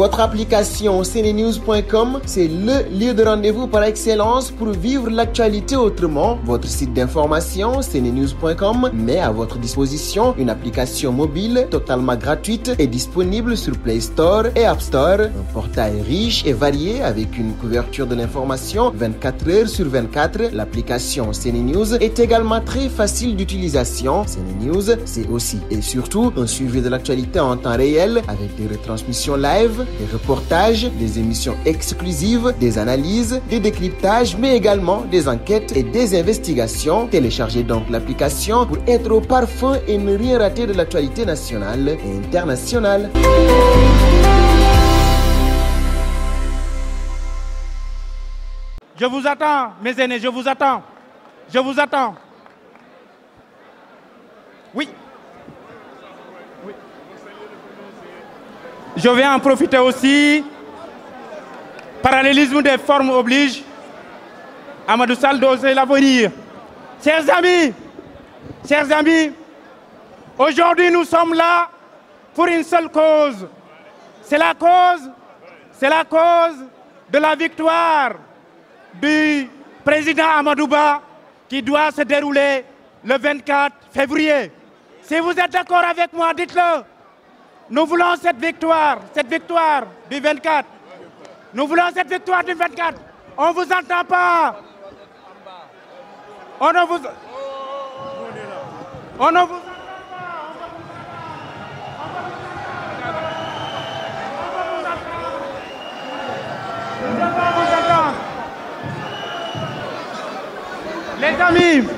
votre application CNNews.com, c'est le lieu de rendez-vous par excellence pour vivre l'actualité autrement. Votre site d'information CNNews.com met à votre disposition une application mobile totalement gratuite et disponible sur Play Store et App Store. Un portail riche et varié avec une couverture de l'information 24 heures sur 24. L'application CNNews est également très facile d'utilisation. CNews, c'est aussi et surtout un suivi de l'actualité en temps réel avec des retransmissions live, des reportages, des émissions exclusives, des analyses, des décryptages, mais également des enquêtes et des investigations. Téléchargez donc l'application pour être au parfum et ne rien rater de l'actualité nationale et internationale. Je vous attends, mes aînés, je vous attends. Je vous attends. Oui. Oui. Je vais en profiter aussi. Parallélisme des formes oblige Amadou Sall d'oser l'avenir. Chers amis, chers amis, aujourd'hui nous sommes là pour une seule cause. C'est la cause, c'est la cause de la victoire du président Amadouba qui doit se dérouler le 24 février. Si vous êtes d'accord avec moi, dites-le. Nous voulons cette victoire, cette victoire du 24. Nous voulons cette victoire du 24. On ne vous entend pas. On ne vous... On ne vous... Les amis,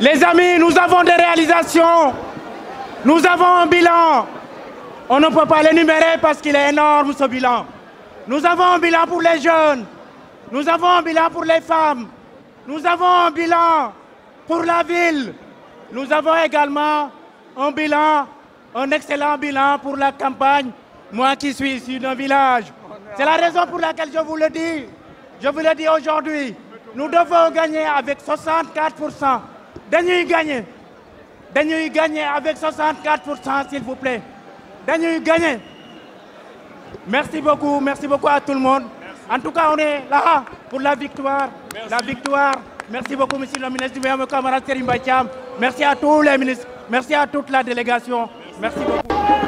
les amis, nous avons des réalisations, nous avons un bilan, on ne peut pas l'énumérer parce qu'il est énorme ce bilan. Nous avons un bilan pour les jeunes, nous avons un bilan pour les femmes, nous avons un bilan pour la ville, nous avons également un bilan, un excellent bilan pour la campagne, moi qui suis issu d'un village. C'est la raison pour laquelle je vous le dis, je vous le dis aujourd'hui, nous devons gagner avec 64%. y gagner, y gagner avec 64% s'il vous plaît gagner. Merci beaucoup, merci beaucoup à tout le monde. En tout cas, on est là pour la victoire. La victoire. Merci beaucoup, monsieur le ministre du meilleur camarade Merci à tous les ministres. Merci à toute la délégation. merci beaucoup.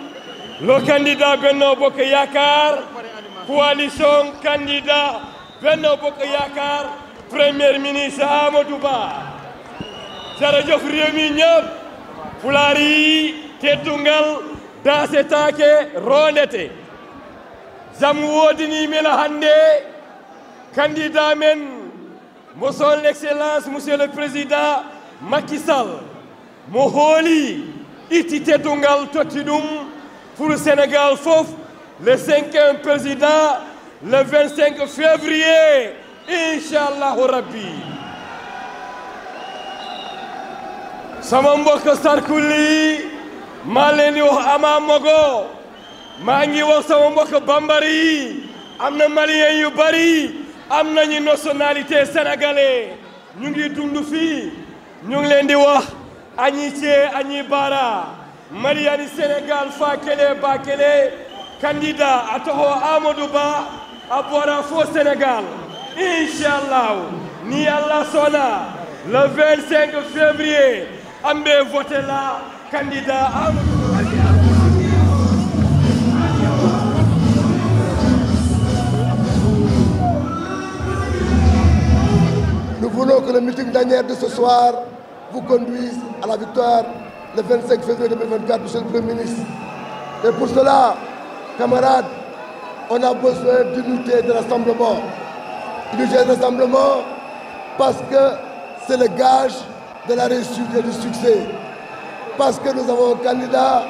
le candidat Benno Bokk Yakar coalition candidat Benno Bokk Yakar premier ministre Amadou Ba Jare Jof mi ñëpp fulaar yi teddungal daasetaake roondete jam woodini mila candidat men Monsieur l'excellence monsieur le président Macky Sall mo hooli itti teddungal totti pour le Sénégal, Fof, le cinquième président, le 25 février, Inch'Allah Rabbi. sama mbokk sarkul yi Amamogo, leen di wax ama bambari Amna am yu bari nationalité sénégalais ñu ngi dund fii ñu ngi Mariani sénégal fa kele ba kele candidat à toho Amodouba, à a sénégal inchallah ni allah sona le 25 février Ambe voté la candidat amadou Nous voulons que le meeting dernière de ce soir vous conduise à la victoire le 25 février 2024, Monsieur le Premier ministre. Et pour cela, camarades, on a besoin d'unité de rassemblement. Unité de rassemblement parce que c'est le gage de la réussite et du succès. Parce que nous avons un candidat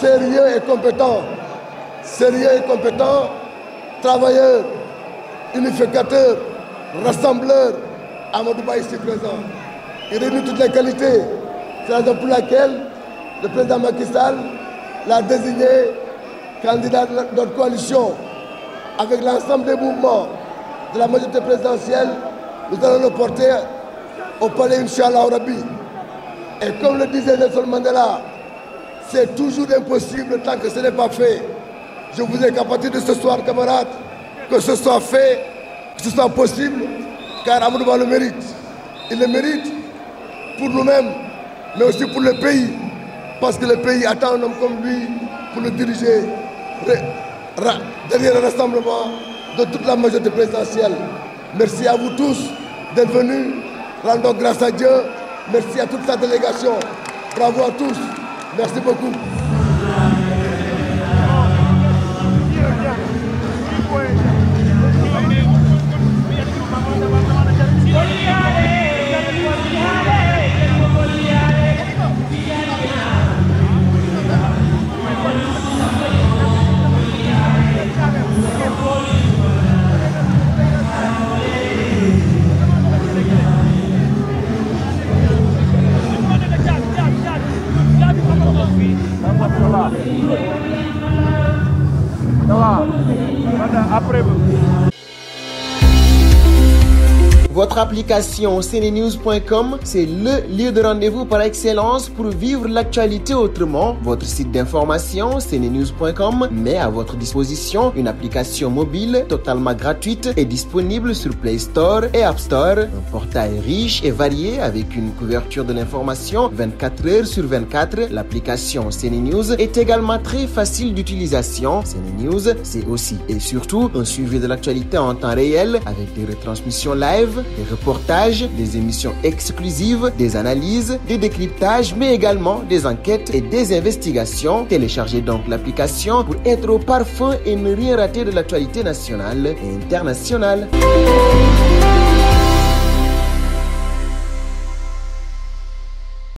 sérieux et compétent. Sérieux et compétent, travailleur, unificateur, rassembleur, Amadou Baï ici présent. Il réunit toutes les qualités c'est la raison pour laquelle le président Macky Sall l'a désigné candidat de notre coalition. Avec l'ensemble des mouvements de la majorité présidentielle, nous allons le porter au palais Inch'Allah rabbi. Et comme le disait Nelson Mandela, c'est toujours impossible tant que ce n'est pas fait. Je vous ai qu'à partir de ce soir, camarades, que ce soit fait, que ce soit possible, car Amadouba le mérite. Il le mérite pour nous-mêmes, mais aussi pour le pays. Parce que le pays attend un homme comme lui pour le diriger derrière le rassemblement de toute la majorité présidentielle. Merci à vous tous d'être venus. Rendons grâce à Dieu. Merci à toute sa délégation. Bravo à tous. Merci beaucoup. a, votre application CNNews.com, c'est le lieu de rendez-vous par excellence pour vivre l'actualité autrement. Votre site d'information CNNews.com met à votre disposition une application mobile totalement gratuite et disponible sur Play Store et App Store. Un portail riche et varié avec une couverture de l'information 24 heures sur 24. L'application CNews est également très facile d'utilisation. CNews, c'est aussi et surtout un suivi de l'actualité en temps réel avec des retransmissions live, des reportages, des émissions exclusives, des analyses, des décryptages, mais également des enquêtes et des investigations. Téléchargez donc l'application pour être au parfum et ne rien rater de l'actualité nationale et internationale.